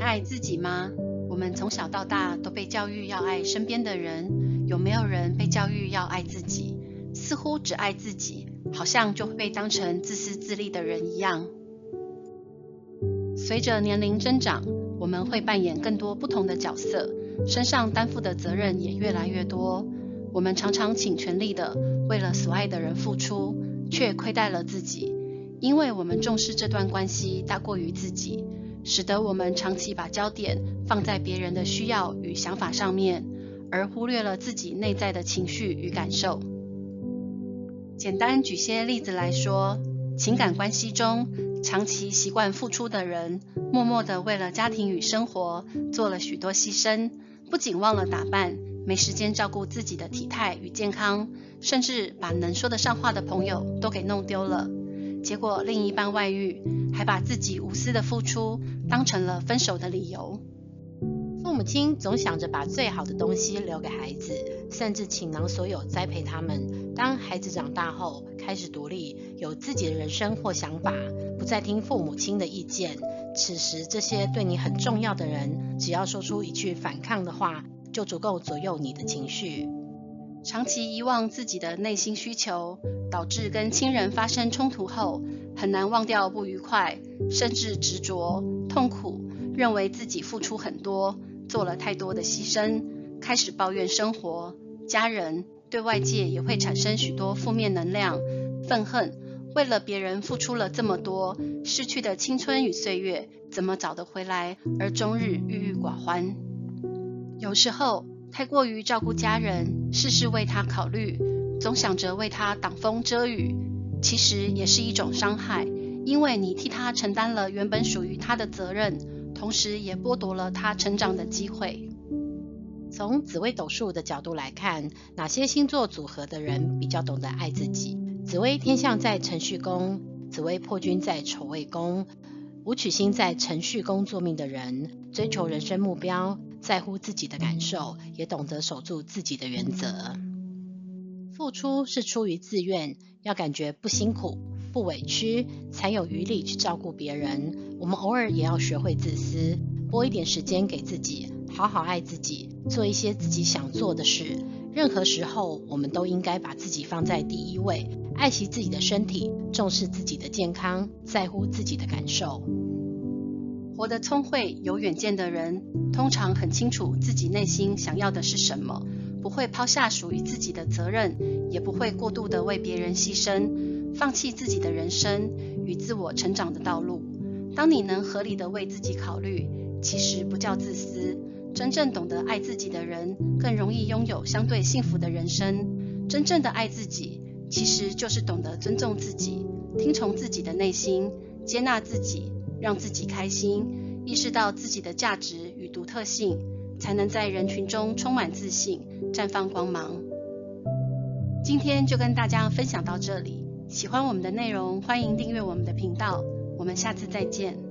愛自己嗎？我們從小到大都被教育要愛身邊的人，有沒有人被教育要愛自己？似乎只愛自己，好像就會被當成自私自利的人一樣。隨着年齡增長，我們會扮演更多不同的角色，身上擔負的責任也越來越多。我們常常傾全力的為了所愛的人付出，卻虧待了自己，因為我們重視這段關係大過於自己。使得我們長期把焦點放在別人的需要與想法上面，而忽略了自己內在的情緒與感受。簡單舉些例子來說，情感關係中，長期習慣付出的人，默默的為了家庭與生活做了許多犧牲，不僅忘了打扮，沒時間照顧自己的體態與健康，甚至把能說得上話的朋友都給弄丟了。結果另一半外遇，還把自己無私的付出當成了分手的理由。父母親總想着把最好的東西留給孩子，甚至傾囊所有栽培他們。當孩子長大後，開始獨立，有自己的人生或想法，不再聽父母親的意見。此時，這些對你很重要的人，只要說出一句反抗的話，就足夠左右你的情緒。長期遺忘自己的內心需求，導致跟親人發生衝突後，很難忘掉不愉快，甚至執着痛苦，認為自己付出很多，做了太多的犧牲，開始抱怨生活、家人，對外界也會產生許多負面能量、憤恨。為了別人付出了這麼多，失去的青春與歲月，怎麼找得回來？而終日鬱鬱寡歡。有時候。太過於照顧家人，事事為他考慮，總想着為他擋風遮雨，其實也是一種傷害，因為你替他承擔了原本屬於他的責任，同時也剝奪了他成長的機會。從紫微斗數的角度來看，哪些星座組合的人比較懂得愛自己？紫微天相在辰戌宮，紫微破軍在丑未宮，武曲星在辰戌宮坐命的人，追求人生目標。在乎自己的感受，也懂得守住自己的原則。付出是出於自願，要感覺不辛苦、不委屈，才有餘力去照顧別人。我們偶爾也要學會自私，撥一點時間給自己，好好愛自己，做一些自己想做的事。任何時候，我們都應該把自己放在第一位，愛惜自己的身體，重視自己的健康，在乎自己的感受。活得聰慧、有遠見的人，通常很清楚自己內心想要的是什麼，不會拋下屬於自己的責任，也不會過度地為別人犧牲，放棄自己的人生與自我成長的道路。當你能合理地為自己考慮，其實不叫自私。真正懂得愛自己的人，更容易擁有相對幸福的人生。真正的愛自己，其實就是懂得尊重自己，聽從自己的內心，接納自己。讓自己開心，意識到自己的價值與獨特性，才能在人群中充滿自信，綻放光芒。今天就跟大家分享到這裡。喜歡我們的內容，歡迎訂閱我們的頻道。我們下次再見。